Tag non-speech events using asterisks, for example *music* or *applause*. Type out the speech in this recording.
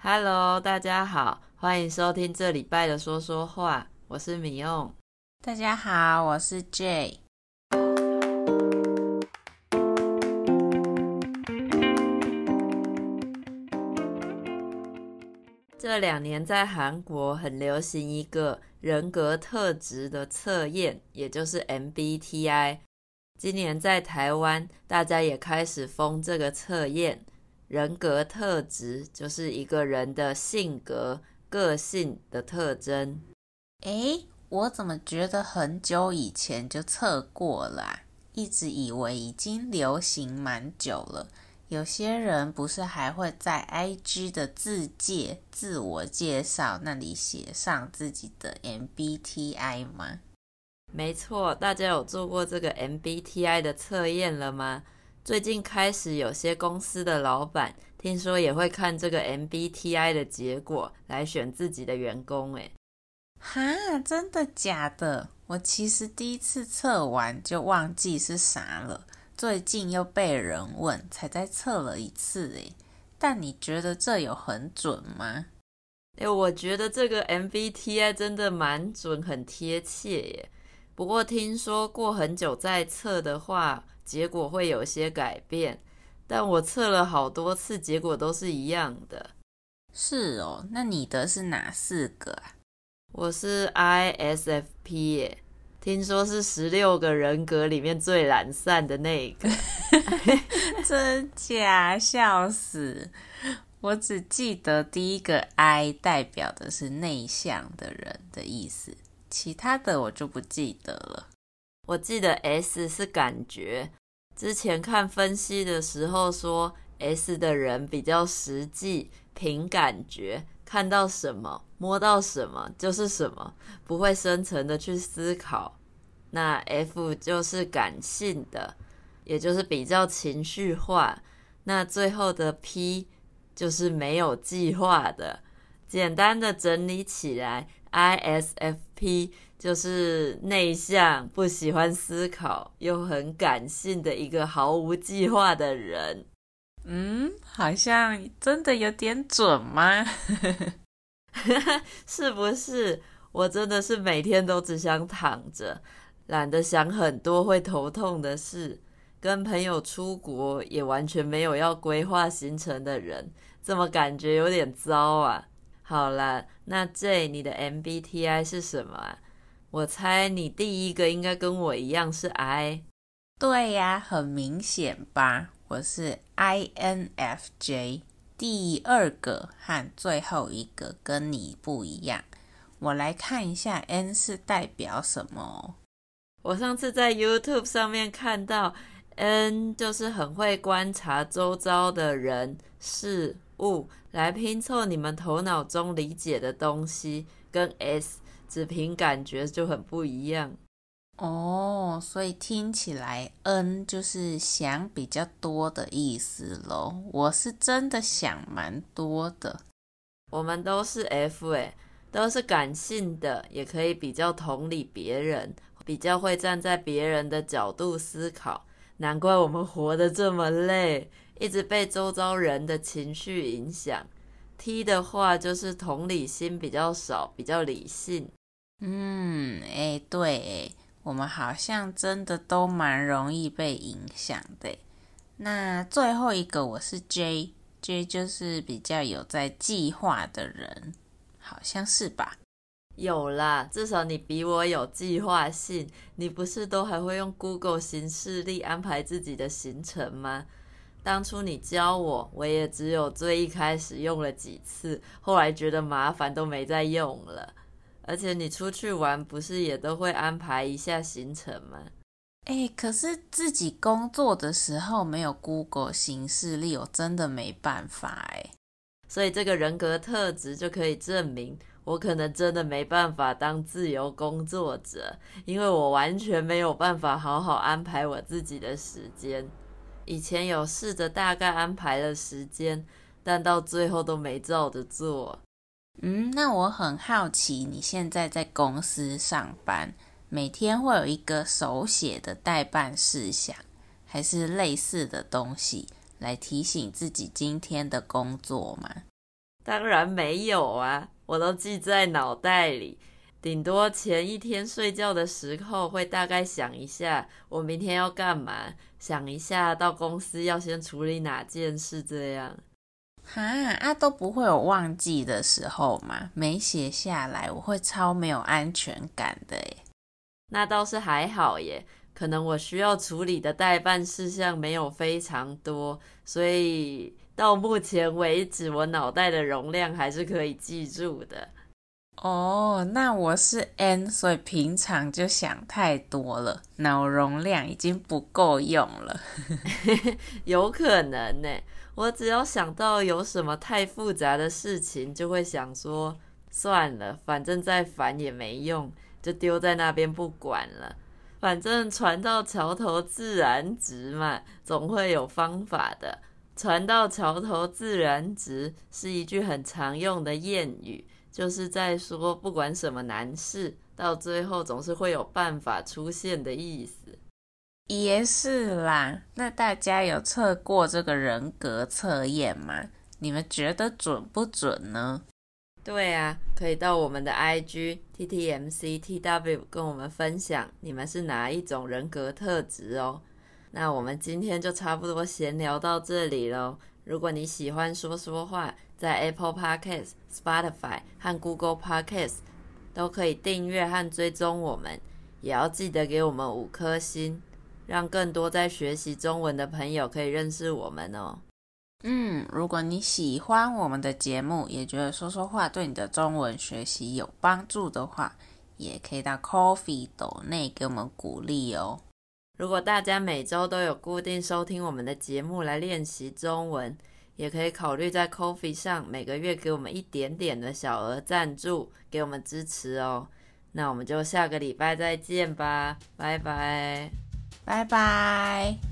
Hello，大家好，歡迎收聽這禮拜的說說話，我是米用。大家好，我是 Jay。這兩年在韓國很流行一個人格特質的測驗，也就是 MBTI。今年在台灣，大家也開始瘋這個測驗。人格特質就是一個人的性格、個性的特徵。哎，我怎麼覺得很久以前就測過了啊？一直以為已經流行蠻久了。有些人不是還會在 IG 的自介、自我介紹那裡寫上自己的 MBTI 嗎？沒錯，大家有做過這個 MBTI 的測驗了嗎？最近開始有些公司的老闆，聽說也會看這個 MBTI 的結果來選自己的員工誒。誒，哈，真的假的？我其實第一次測完就忘記是啥了，最近又被人問，才再測了一次。誒，但你覺得這有很準嗎？誒，我覺得這個 MBTI 真的蠻準，很貼切耶。不過聽說過很久再測的話，結果會有些改變，但我測了好多次，結果都是一樣的。是哦，那你的是哪四個？我是 ISFP 耶，聽說是十六個人格裡面最懶散的那一個。 *laughs* *laughs* 真假，笑死！我只記得第一個 I 代表的是內向的人的意思，其他的我就不記得了。我記得 S 是感覺。之前看分析的時候說，S 的人比較實際，憑感覺，看到什麼，摸到什麼，就是什麼，不會深層的去思考。那 F 就是感性的，也就是比較情緒化。那最後的 P 就是沒有計劃的，簡單的整理起來。ISFP 就是內向、不喜歡思考，又很感性的一個毫無計劃的人。嗯，好像真的有點準嗎？ *laughs* *laughs* 是不是？我真的是每天都只想躺着，懶得想很多會頭痛的事。跟朋友出國也完全沒有要規劃行程的人，怎麼感覺有點糟啊？好了，那這你的 MBTI 是什麼？我猜你第一個應該跟我一樣是 I，對呀，啊，很明顯吧？我是 INFJ，第二個和最後一個跟你不一樣。我來看一下 N 是代表什麼哦。我上次在 YouTube 上面看到。N 就是很會觀察周遭的人事物，來拼湊你們頭腦中理解的東西，跟 S 只憑感覺就很不一樣哦。Oh, 所以聽起來，N 就是想比較多的意思嘍。我是真的想蠻多的。我們都是 F 誒、欸，都是感性的，也可以比較同理別人，比較會站在別人的角度思考。難怪我們活得這麼累，一直被周遭人的情緒影響。T 的話就是同理心比較少，比較理性。嗯，哎，對誒，我們好像真的都蠻容易被影響的。那最後一個我是 J，J 就是比較有在計劃的人，好像是吧？有啦，至少你比我有計劃性。你不是都還會用 Google 行事曆安排自己的行程嗎？當初你教我，我也只有最一開始用了幾次，後來覺得麻煩都沒再用了。而且你出去玩，不是也都會安排一下行程嗎？哎、欸，可是自己工作的時候沒有 Google 行事曆，我真的沒辦法哎、欸。所以這個人格特質就可以證明。我可能真的沒辦法當自由工作者，因為我完全沒有辦法好好安排我自己的時間。以前有試着大概安排了時間，但到最後都沒照着做。嗯，那我很好奇，你現在在公司上班，每天會有一個手寫的待辦事項，還是類似的東西來提醒自己今天的工作嗎？當然沒有啊。我都記在腦袋裡，頂多前一天睡覺的時候會大概想一下，我明天要幹嘛，想一下到公司要先處理哪件事這樣。哈、啊，啊都不會有忘記的時候嘛？沒寫下來我會超沒有安全感的耶。那倒是還好耶，可能我需要處理的待辦事項沒有非常多，所以。到目前為止，我腦袋的容量還是可以記住的。哦，oh, 那我是 N，所以平常就想太多了，腦容量已經不夠用了。 *laughs* *laughs* 有可能呢、欸，我只要想到有什麼太複雜的事情，就會想說算了，反正再煩也沒用，就丟在那邊不管了。反正船到橋頭自然直嘛，總會有方法的。船到橋頭自然直是一句很常用的諺語，就是在說不管什麼難事，到最後總是會有辦法出現的意思。也是啦，那大家有測過這個人格測驗嗎？你們覺得準不準呢？對啊，可以到我們的 IG TTMCTW 跟我們分享你們是哪一種人格特質哦。那我們今天就差不多閒聊到這裡嘍。如果你喜歡說說話，在 Apple Podcast、Spotify 和 Google Podcast 都可以訂閱和追蹤我們，也要記得給我們五顆星，讓更多在學習中文的朋友可以認識我們哦。嗯，如果你喜歡我們的節目，也覺得說說話對你的中文學習有幫助的話，也可以到 Coffee 斗內給我們鼓勵哦。如果大家每週都有固定收聽我們的節目來練習中文，也可以考慮在 Ko-fi 上每個月給我們一點點的小額贊助，給我們支持哦。那我們就下個禮拜再見吧，拜拜，拜拜。